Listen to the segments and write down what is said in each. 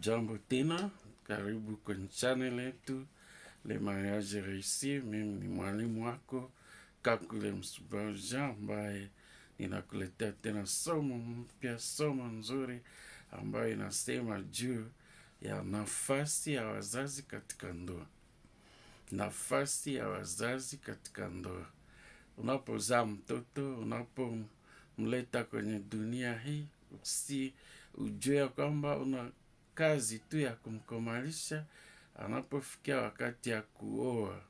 jambo tena, karibu kwenye channel yetu Le Mariage Reussi. Mimi ni mwalimu wako Kakule msubaja ambaye ninakuletea tena somo mpya, somo nzuri ambayo inasema juu ya nafasi ya wazazi katika ndoa. Nafasi ya wazazi katika ndoa. Unapozaa mtoto, unapomleta kwenye dunia hii, si ujue ya kwamba una kazi tu ya kumkomalisha anapofikia wakati ya kuoa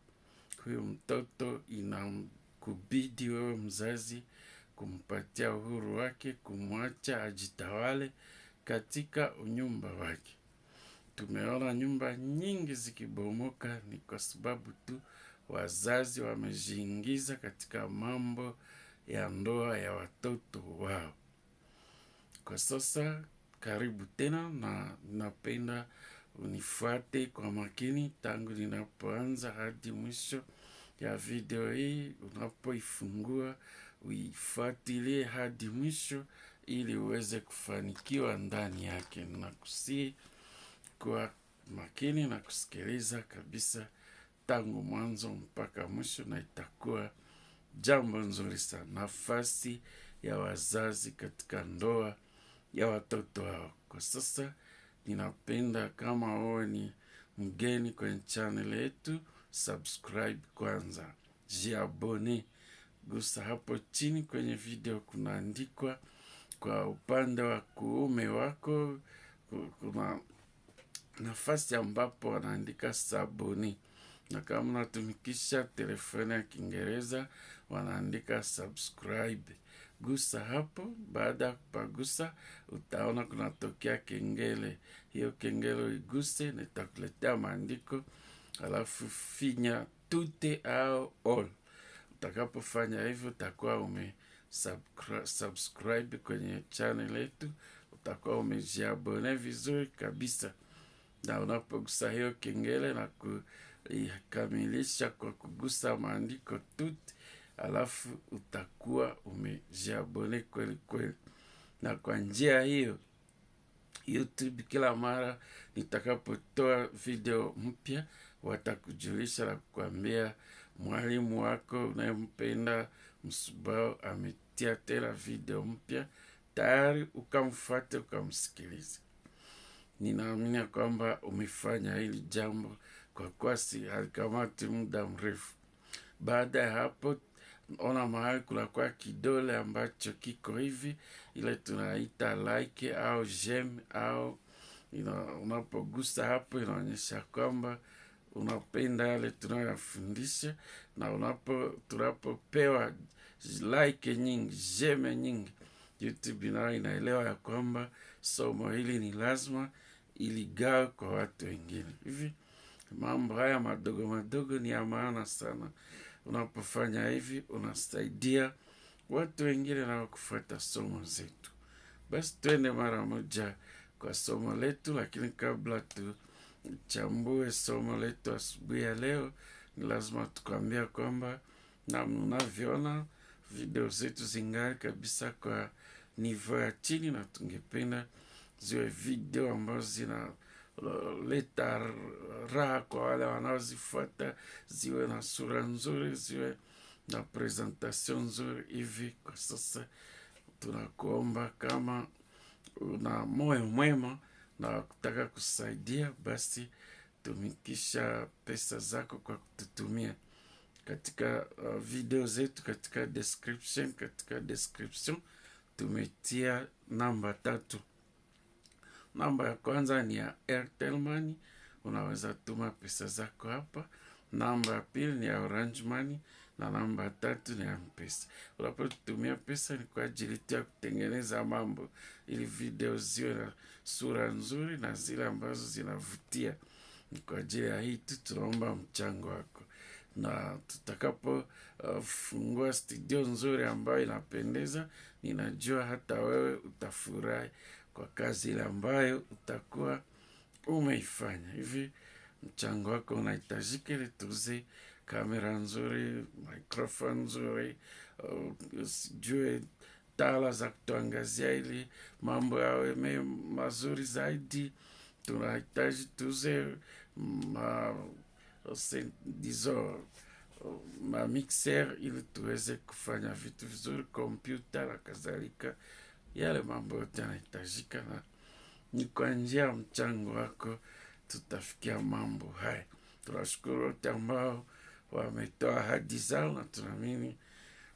huyu mtoto inakubidi wewe mzazi kumpatia uhuru wake, kumwacha ajitawale katika unyumba wake. Tumeona nyumba nyingi zikibomoka ni kwa sababu tu wazazi wamejiingiza katika mambo ya ndoa ya watoto wao. Kwa sasa karibu tena na napenda unifuate kwa makini tangu ninapoanza hadi mwisho ya video hii. Unapoifungua uifuatilie hadi mwisho ili uweze kufanikiwa ndani yake. Nakusihi kuwa makini na kusikiliza kabisa tangu mwanzo mpaka mwisho, na itakuwa jambo nzuri sana. Nafasi ya wazazi katika ndoa ya watoto wao kwa Sasa ninapenda kama wewe ni mgeni kwenye channel yetu, subscribe kwanza, jiabone, gusa hapo chini kwenye video kunaandikwa kwa upande wa kuume wako kuna nafasi ambapo wanaandika sabuni, na kama unatumikisha telefoni ya Kiingereza wanaandika subscribe gusa hapo. Baada ya kupagusa, utaona kunatokea kengele. Hiyo kengele uiguse, nitakuletea maandiko, alafu finya tute au all. Utakapofanya hivyo, utakuwa ume subscribe kwenye channel yetu, utakuwa umejiabone vizuri kabisa, na unapogusa hiyo kengele na kuikamilisha kwa kugusa maandiko tute alafu utakuwa umejiabone kweli kweli. Na kwa njia hiyo YouTube kila mara nitakapotoa video mpya watakujulisha na kukwambia mwalimu wako unayempenda Msubao ametia tena video mpya tayari, ukamfuate ukamsikiliza. Ninaamini ya kwamba umefanya hili jambo kwa kuwa si halikamati muda mrefu. Baada ya hapo ona mahali kunakuwa kidole ambacho kiko hivi, ile tunaita like au jem au ina, unapogusa hapo inaonyesha kwamba unapenda yale tunayoyafundisha, na unapo tunapopewa like nyingi geme nyingi, YouTube nayo inaelewa ya kwamba somo hili ni lazima iligawe kwa watu wengine. Hivi mambo haya madogo madogo ni ya maana sana. Unapofanya hivi, unasaidia watu wengine na wakufuata somo zetu. Basi twende mara moja kwa somo letu, lakini kabla tuchambue somo letu asubuhi ya leo, ni lazima tukuambia kwamba na unavyoona video zetu zingali kabisa kwa nivo ya chini, na tungependa ziwe video ambazo zina leta raha kwa wale wanaozifuata, ziwe na sura nzuri, ziwe na presentation nzuri hivi. Kwa sasa tunakuomba kama una moyo mwema na kutaka kusaidia, basi tumikisha pesa zako kwa kututumia katika uh, video zetu katika description. Katika description tumetia namba tatu Namba ya kwanza ni ya Airtel Money, unaweza tuma pesa zako hapa. Namba ya pili ni ya Orange Money na namba ya tatu ni ya Mpesa. Unapotumia pesa ni kwa ajili tu ya kutengeneza mambo, ili video ziwe na sura nzuri na zile ambazo zinavutia. Ni kwa ajili ya hii tu tunaomba mchango wako, na tutakapo uh, fungua studio nzuri ambayo inapendeza, ninajua hata wewe utafurahi kwa kazi ile ambayo utakuwa umeifanya. Hivi mchango wako unahitajika ili tuuze kamera nzuri, mikrofoni nzuri, uh, sijue tala za kutuangazia ili mambo yawe mazuri zaidi. Tunahitaji tuuze madizo mamixer ili tuweze kufanya vitu vizuri, kompyuta na kadhalika yale mambo yote yanahitajika na ni kwa njia ya mchango wako tutafikia mambo haya. Tunashukuru wote ambao wametoa ahadi zao na tunaamini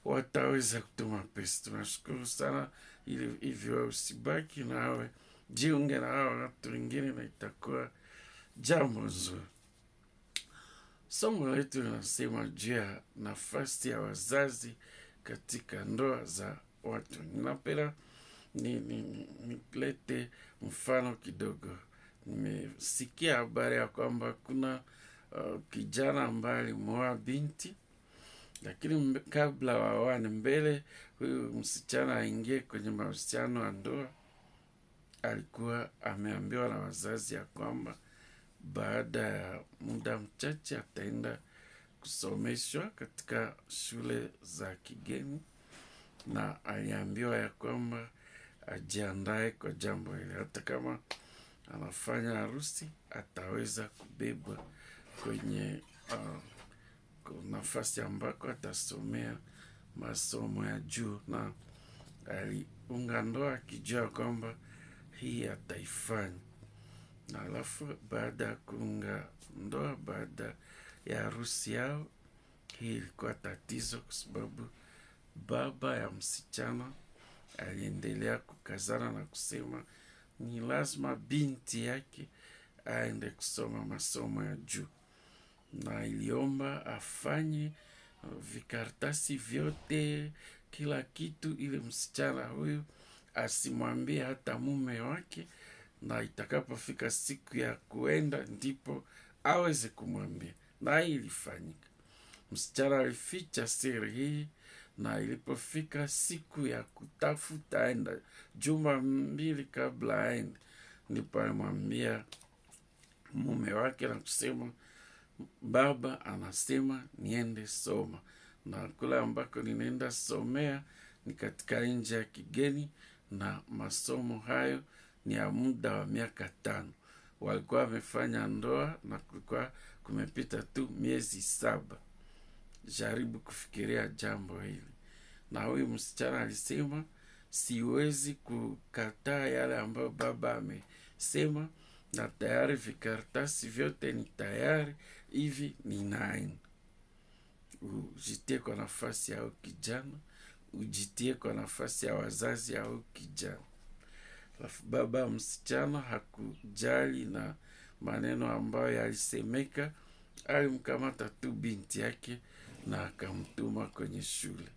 wataweza kutuma pesa. Tunashukuru sana, ili hivyo usibaki nawe, jiunge na hawa watu wengine, na itakuwa jambo nzuri. Somo letu linasema juu ya nafasi ya wazazi katika ndoa za watu. Ninapenda ni, ni, mfano kidogo. Nimesikia habari ya kwamba kuna uh, kijana ambaye alimwoa binti, lakini kabla waoane, mbele huyu msichana aingie kwenye mahusiano ya ndoa, alikuwa ameambiwa na wazazi ya kwamba baada ya muda mchache ataenda kusomeshwa katika shule za kigeni, na aliambiwa ya kwamba ajiandae kwa jambo hili. Hata kama anafanya harusi, ataweza kubebwa kwenye uh, nafasi ambako atasomea masomo ya juu, na aliunga ndoa akijua kwamba hii ataifanya. Na alafu baada ya kuunga ndoa, baada ya harusi yao, hii ilikuwa tatizo, kwa sababu baba ya msichana aliendelea kukazana na kusema ni lazima binti yake aende kusoma masomo ya juu, na iliomba afanye vikartasi vyote, kila kitu, ili msichana huyu asimwambie hata mume wake, na itakapofika siku ya kuenda ndipo aweze kumwambia. Na hii ilifanyika. Msichana alificha siri hii na ilipofika siku ya kutafuta aenda, juma mbili kabla aende, ndipo alimwambia mume wake na kusema, baba anasema niende Soma, na kule ambako ninaenda somea ni katika nje ya kigeni, na masomo hayo ni ya muda wa miaka tano. Walikuwa wamefanya ndoa na kulikuwa kumepita tu miezi saba jaribu kufikiria jambo hili. Na huyu msichana alisema siwezi kukataa yale ambayo baba amesema, na tayari vikaratasi vyote ni tayari hivi, ni ninaenda. Ujitie kwa nafasi yao kijana, ujitie kwa nafasi ya wazazi yao kijana. Alafu baba msichana hakujali na maneno ambayo yalisemeka, alimkamata tu binti yake na akamtuma kwenye shule,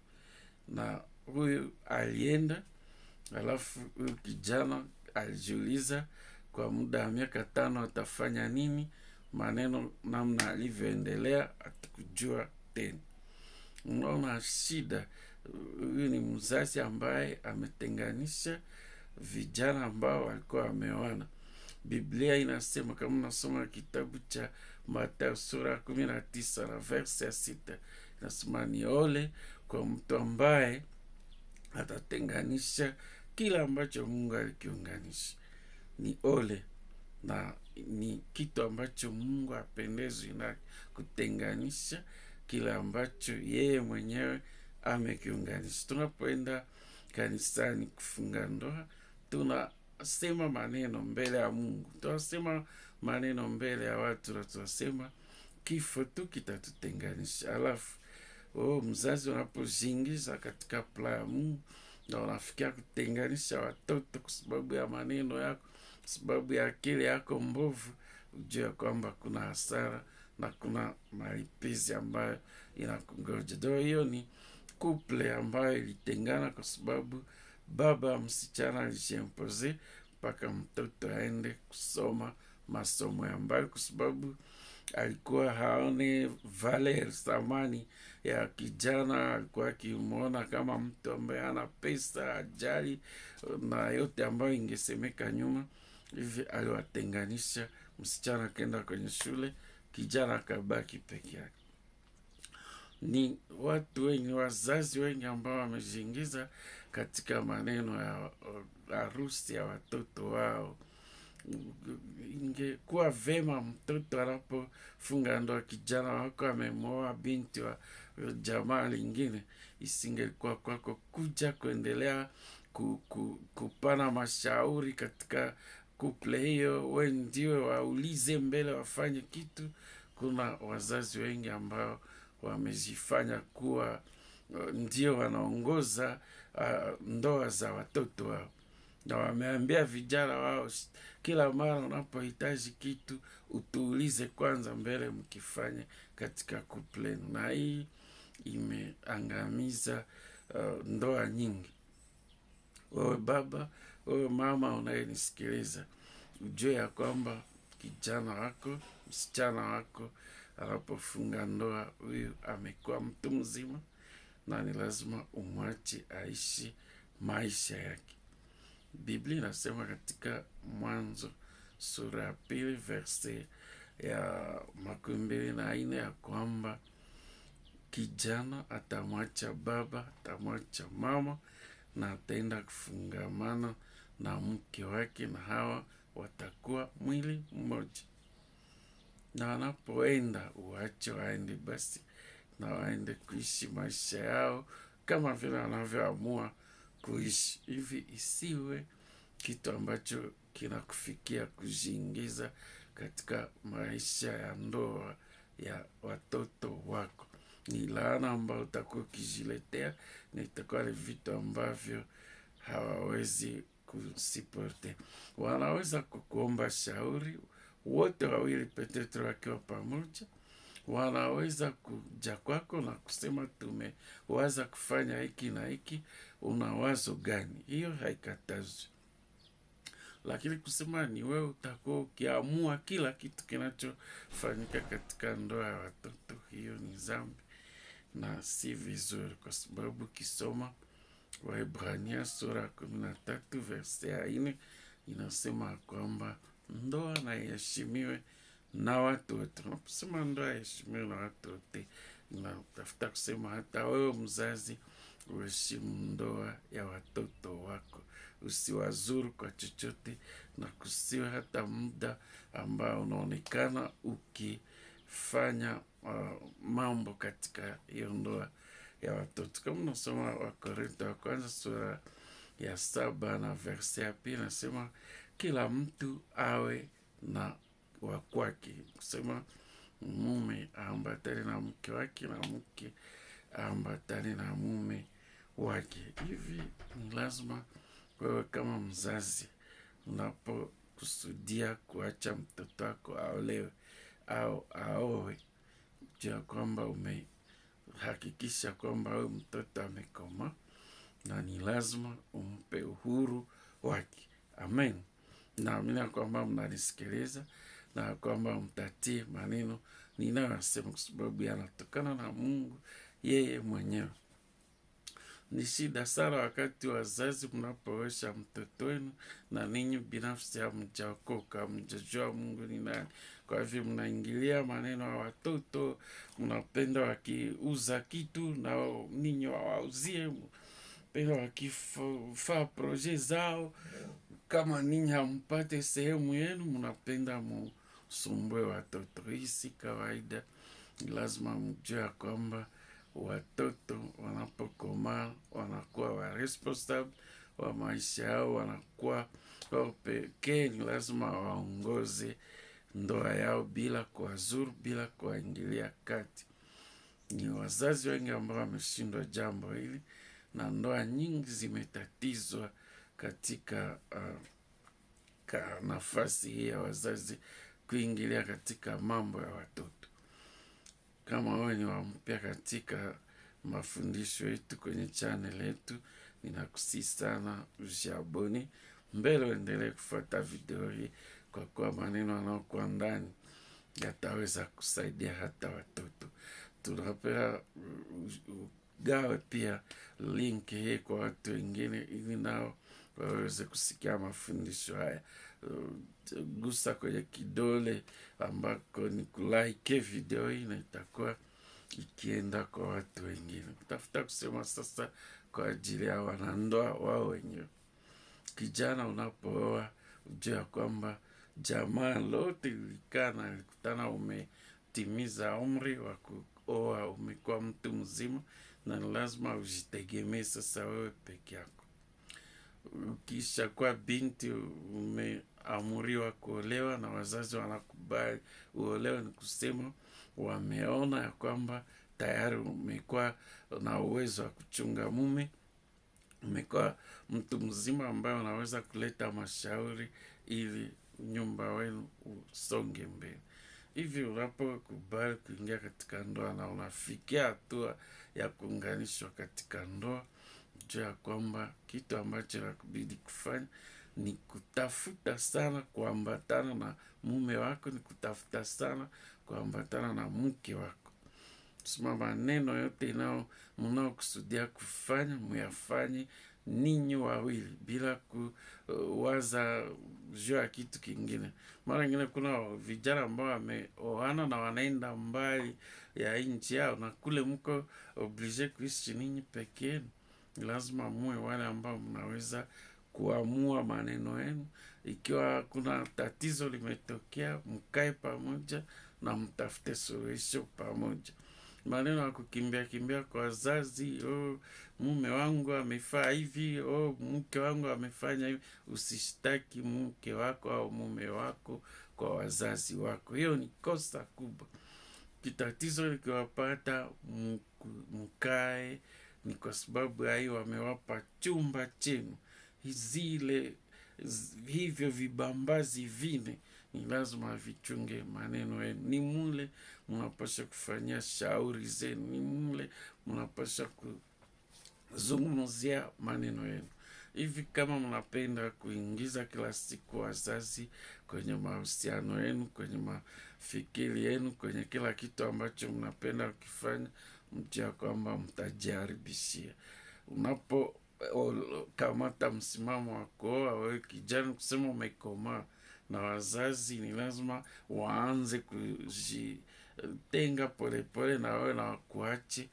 na huyu alienda. Alafu huyu kijana alijiuliza kwa muda wa miaka tano atafanya nini. Maneno namna alivyoendelea atukujua tena. Unaona shida. Huyu ni mzazi ambaye ametenganisha vijana ambao walikuwa wameoana. Biblia inasema kama nasoma kitabu cha Mathayo sura ya kumi na tisa na verse ya sita inasema ni ole kwa mtu ambaye atatenganisha kila ambacho Mungu alikiunganisha. Ni ole na ni kitu ambacho Mungu apendezwi na kutenganisha kila ambacho yeye mwenyewe amekiunganisha. Tunapoenda kanisani kufunga ndoa tuna tunasema maneno mbele ya Mungu, tunasema maneno mbele ya watu, na tunasema kifo tu kitatutenganisha. Alafu oh, mzazi unapozingiza katika pla ya Mungu na unafikia kutenganisha watoto kwa sababu ya maneno yako, kwa sababu ya akili yako mbovu, ujua kwamba kuna hasara na kuna malipizi ambayo inakungoja. do hiyo ni kuple ambayo ilitengana kwa sababu baba msichana alishempozee mpaka mtoto aende kusoma masomo ya mbali, kwa sababu alikuwa haone vale thamani ya kijana. Alikuwa akimwona kama mtu ambaye ana pesa, ajali na yote ambayo ingesemeka nyuma. Hivi aliwatenganisha, msichana akaenda kwenye shule, kijana akabaki peke yake. Ni watu wengi, wazazi wengi ambao wamejiingiza katika maneno ya harusi ya watoto wao. Ingekuwa vema mtoto anapofunga ndoa, kijana wako amemwoa binti wa jamaa lingine, isingelikuwa kwako kuja kuendelea ku, ku, kupana mashauri katika kuple hiyo. We ndiwe waulize mbele wafanye kitu. Kuna wazazi wengi ambao wamezifanya kuwa Uh, ndio wanaongoza uh, ndoa za watoto wao, na wameambia vijana wao kila mara unapohitaji kitu utuulize kwanza mbele mkifanya katika kuplenu, na hii imeangamiza uh, ndoa nyingi. Wewe baba, wewe mama unayenisikiliza, ujue ya kwamba kijana wako, msichana wako anapofunga ndoa, huyu amekuwa mtu mzima na ni lazima umwache aishi maisha yake. Biblia inasema katika Mwanzo sura ya pili verse ya makumi mbili na nne ya kwamba kijana atamwacha baba, atamwacha mama na ataenda kufungamana na mke wake, na hawa watakuwa mwili mmoja, na wanapoenda uwache waende basi na waende kuishi maisha yao kama vile wanavyoamua kuishi hivi. Isiwe kitu ambacho kinakufikia kujiingiza katika maisha ya ndoa ya watoto wako. Ni laana ambayo utakuwa ukijiletea, na itakuwa ni vitu ambavyo hawawezi kusiporte. Wanaweza kukuomba shauri wote wawili, petetro wakiwa pamoja wanaweza kuja kwako na kusema tumewaza kufanya hiki na hiki, una wazo gani? Hiyo haikatazwi, lakini kusema ni wewe utakuwa ukiamua kila kitu kinachofanyika katika ndoa ya watoto, hiyo ni zambi na si vizuri, kwa sababu ukisoma Waebrania sura ya kumi na tatu verse ya nne inasema kwamba ndoa na iheshimiwe na watu wote. Unaposema ndoa iheshimiwe na watu wote, unatafuta kusema hata wewe mzazi uheshimu ndoa ya watoto wako, usiwazuru kwa chochote, na kusiwe hata muda ambao unaonekana ukifanya uh, mambo katika hiyo ndoa ya watoto. Kama unasoma Wakorinto wa kwanza sura ya saba na verse ya pili nasema kila mtu awe na wa kwake, kusema mume aambatane na mke wake na mke aambatane na mume wake. Hivi ni lazima wewe kama mzazi unapokusudia kuacha mtoto wako aolewe au aowe, ya kwamba umehakikisha kwamba huyu mtoto amekoma na ni lazima umpe uhuru wake. Amen. Naamini ya kwamba mnanisikiliza na kwamba mtatii maneno ninayoyasema kwa sababu yanatokana na Mungu yeye mwenyewe. Ni shida sana wakati wazazi mnapoosha mtoto wenu na ninyi binafsi hamjaokoka, hamjajua Mungu ni nani. Kwa hivyo mnaingilia maneno ya watoto, mnapenda wakiuza kitu na ninyi wawauzie, mnapenda wakifaa proje zao. Kama ninyi hampate sehemu yenu, mnapenda Mungu msumbwe watoto. Hii si kawaida, lazima mjue ya kwamba watoto wanapokomaa wanakuwa wa responsable wa maisha yao, wanakuwa wao pekee, ni lazima waongoze ndoa yao bila kuwazuru, bila kuwaingilia kati. Ni wazazi wengi ambao wameshindwa jambo hili na ndoa nyingi zimetatizwa katika uh, ka nafasi hii ya wazazi kuingilia katika mambo ya watoto. Kama wewe ni wampya katika mafundisho yetu kwenye channel yetu, ninakusii sana ushaboni mbele uendelee kufuata video hii, kwa kuwa maneno anaokuwa ndani yataweza kusaidia hata watoto. Tunapea ugawe pia link hii kwa watu wengine, ili nao waweze kusikia mafundisho haya. Eh, gusa kwenye kidole ambako ni kulike, video hii na itakuwa ikienda kwa watu wengine, kutafuta kusema sasa kwa ajili ya wanandoa wao wenyewe. Kijana unapooa ujue ya kwamba jamaa lote ulikaa na likutana umetimiza umri wa kuoa, umekuwa mtu mzima na lazima ujitegemee sasa wewe peke yako ukishakuwa binti umeamuriwa kuolewa na wazazi wanakubali uolewe, ni kusema wameona ya kwamba tayari umekuwa na uwezo wa kuchunga mume, umekuwa mtu mzima ambaye unaweza kuleta mashauri ili nyumba wenu usonge mbele. Hivi unapokubali kuingia katika ndoa na unafikia hatua ya kuunganishwa katika ndoa juu ya kwamba kitu ambacho nakubidi kufanya ni kutafuta sana kuambatana na mume wako, ni kutafuta sana kuambatana na mke wako. Sema maneno yote inao mnaokusudia kufanya muyafanye ninyi wawili bila kuwaza uh, juu ya kitu kingine. Mara ingine kuna vijana ambao wameoana na wanaenda mbali ya nchi yao, na kule mko oblige kuishi ninyi pekeni lazima muwe wale ambao mnaweza kuamua maneno yenu. Ikiwa kuna tatizo limetokea, mkae pamoja na mtafute suluhisho pamoja. Maneno ya kukimbia kimbia kwa wazazi, oh, mume wangu amefaa hivi, oh, mke wangu amefanya hivi. Usishtaki mke wako au mume wako kwa wazazi wako, hiyo ni kosa kubwa. Kitatizo likiwapata, mkae ni kwa sababu hayo wamewapa chumba chenu zile hivyo vibambazi vine ni lazima vichunge maneno yenu, ni mule mnapasha kufanyia shauri zenu, ni mule mnapasha kuzungumzia maneno yenu. Hivi kama mnapenda kuingiza kila siku wazazi kwenye mahusiano yenu kwenye ma fikiri yenu kwenye kila kitu ambacho mnapenda kukifanya, mjua ya kwamba mtajiharibishia. Unapokamata msimamo wa kuoa wewe kijana, kusema umekomaa na wazazi, ni lazima waanze kujitenga polepole na wewe na wakuache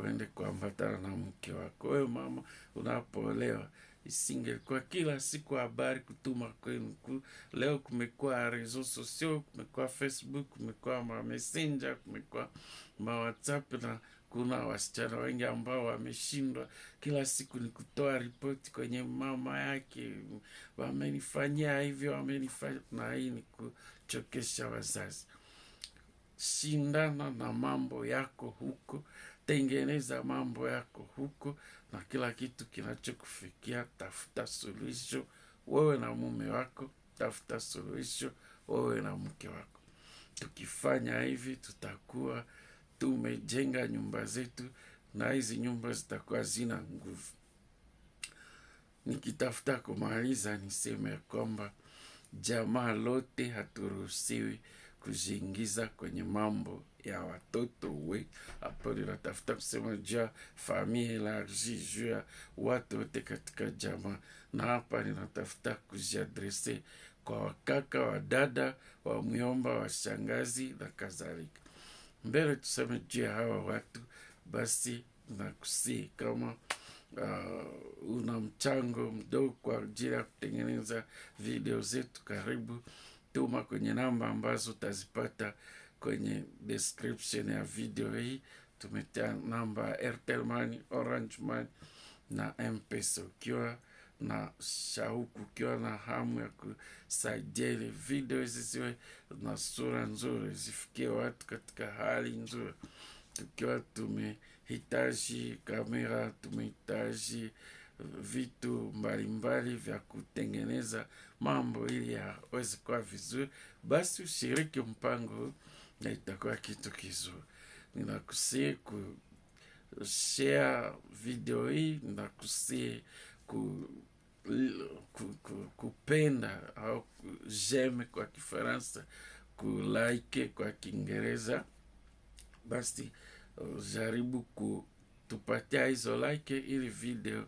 uende kuambatana na mke wako. Wewe mama, unapoolewa isingekuwa kila siku habari kutuma kwenu ku. Leo kumekuwa rezo sosio, kumekuwa Facebook, kumekuwa ma kumekuwa mawhatsapp, na kuna wasichana wengi ambao wameshindwa kila siku ni kutoa ripoti kwenye mama yake, wamenifanyia hivyo, wamenifanya na hii ni kuchokesha wazazi shindana na mambo yako huko, tengeneza mambo yako huko, na kila kitu kinachokufikia tafuta suluhisho wewe na mume wako, tafuta suluhisho wewe na mke wako. Tukifanya hivi, tutakuwa tumejenga nyumba zetu, na hizi nyumba zitakuwa zina nguvu. Nikitafuta kumaliza, niseme ya kwamba jamaa lote haturuhusiwi kujiingiza kwenye mambo ya watoto we apo linatafuta kusema juu ya famille elargi juu ya watu wote katika jamaa, na hapa linatafuta kujiadrese kwa wakaka, wadada, wa myomba, washangazi na kadhalika. Mbele tuseme juu ya hawa watu basi, nakusii kama uh, una mchango mdogo kwa ajili ya kutengeneza video zetu, karibu tuma kwenye namba ambazo utazipata kwenye description ya video hii. Tumetia namba ya Airtel Money, Orange Money na M-Pesa. Ukiwa na shauku, ukiwa na hamu ya kusaidia ile video hizi ziwe na sura nzuri, zifikie watu katika hali nzuri, tukiwa tumehitaji kamera, tumehitaji vitu mbalimbali mbali vya kutengeneza mambo ili yaweze kuwa vizuri, basi ushiriki mpango na itakuwa kitu kizuri. Ninakusii kushare video hii, ninakusii ku, ku, ku, kupenda au jeme kwa Kifaransa, kulike kwa Kiingereza. Basi jaribu kutupatia hizo like ili video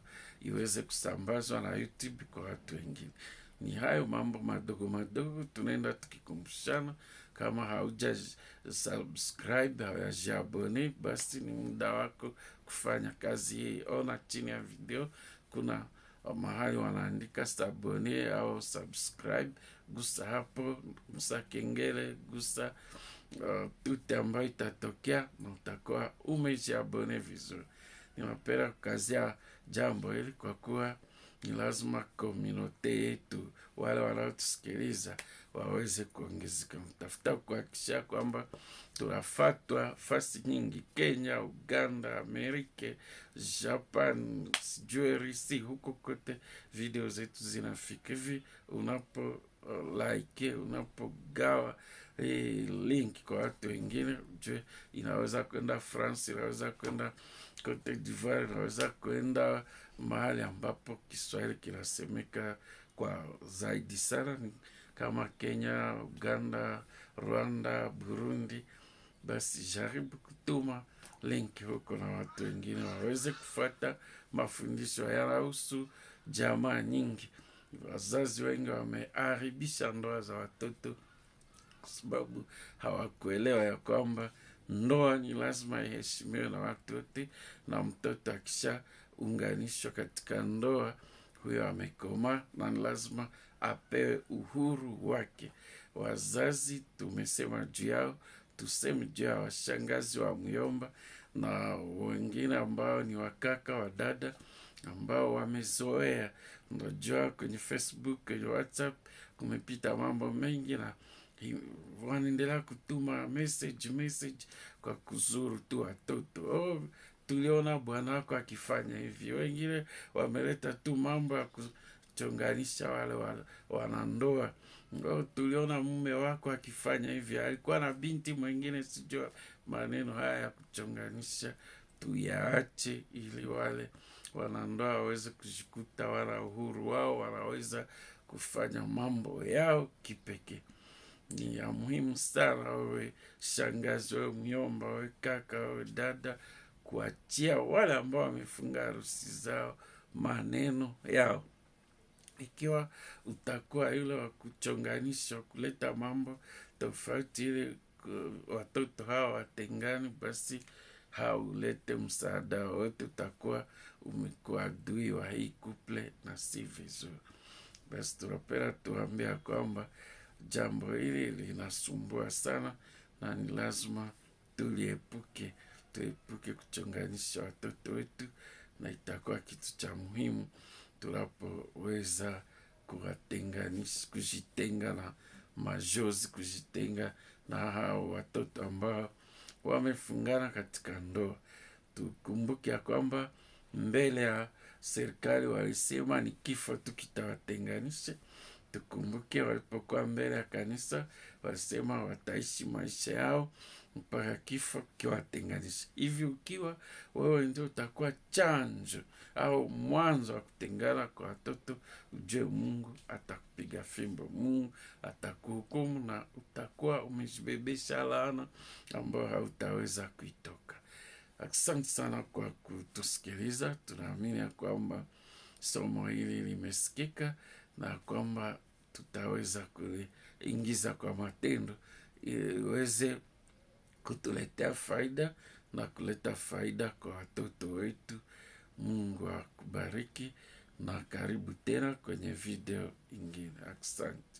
iweze kusambazwa na YouTube kwa watu wengine. Ni hayo mambo madogo madogo tunaenda tukikumbushana. Kama hauja subscribe, haujajiabone, basi ni muda wako kufanya kazi hii. Ona chini ya video kuna mahali wanaandika sabone au subscribe. Gusa hapo, gusa kengele, gusa uh, tute ambayo itatokea na utakuwa umejiabone vizuri ninapenda kukazia jambo hili kwa kuwa ni lazima kominote yetu wale wanaotusikiliza waweze kuongezeka. mtafuta kuhakikisha kwamba tunafatwa fasi nyingi, Kenya, Uganda, Amerika, Japan, sijue Risi, huko kote video zetu zinafika. Hivi unapo uh, like, unapogawa hii eh, link kwa watu wengine, ujue inaweza kwenda France, inaweza kwenda Cote d'Ivoire inaweza kuenda mahali ambapo Kiswahili kinasemeka kwa zaidi sana kama Kenya, Uganda, Rwanda, Burundi. Basi jaribu kutuma link huko na watu wengine waweze kufata mafundisho. Yanahusu jamaa nyingi. Wazazi wengi wameharibisha ndoa za watoto kwa sababu hawakuelewa ya kwamba ndoa ni lazima iheshimiwe na watu wote, na mtoto akishaunganishwa katika ndoa, huyo amekomaa na ni lazima apewe uhuru wake. Wazazi tumesema juu yao, tuseme juu ya washangazi wa myomba na wengine ambao ni wakaka wa dada ambao wamezoea. Unajua, kwenye Facebook, kwenye WhatsApp kumepita mambo mengi na wanaendelea kutuma message message kwa kuzuru tu watoto. Oh, tuliona bwana wako akifanya hivi Wengine wameleta tu mambo ya kuchonganisha wale wanandoa. Oh, tuliona mume wako akifanya hivi alikuwa na binti mwingine. Sijua maneno haya ya kuchonganisha tuyaache, ili wale wanandoa waweze kujikuta wana uhuru wao, wanaweza kufanya mambo yao kipekee ni ya muhimu sana, wewe shangazi, wewe myomba wewe kaka, wewe dada, kuachia wale ambao wamefunga harusi zao maneno yao. Ikiwa utakuwa yule wa kuchonganisha, kuleta mambo tofauti ile watoto hawa watengani, basi haulete msaada wowote, utakuwa umekuwa adui wa hii kuple na si vizuri. Basi tunapenda tuambia kwamba jambo hili linasumbua sana na ni lazima tuliepuke, tuepuke kuchonganisha watoto wetu, na itakuwa kitu cha muhimu tunapoweza kuwatenganisha, kujitenga na majozi, kujitenga na hao watoto ambao wamefungana katika ndoa. Tukumbuke ya kwamba mbele ya serikali walisema ni kifo tu kitawatenganisha. Tukumbuke walipokuwa mbele ya kanisa wasema wataishi maisha yao mpaka kifo kiwatenganisha. Hivi ukiwa wewe ndio utakuwa chanjo au mwanzo wa kutengana kwa watoto, ujue Mungu atakupiga fimbo, Mungu atakuhukumu na utakuwa umejibebesha laana ambayo hautaweza kuitoka. Asante sana kwa kutusikiliza. Tunaamini ya kwamba somo hili limesikika na kwamba tutaweza kuingiza kwa matendo iweze kutuletea faida na kuleta faida kwa watoto wetu. Mungu akubariki na karibu tena kwenye video ingine. Asante.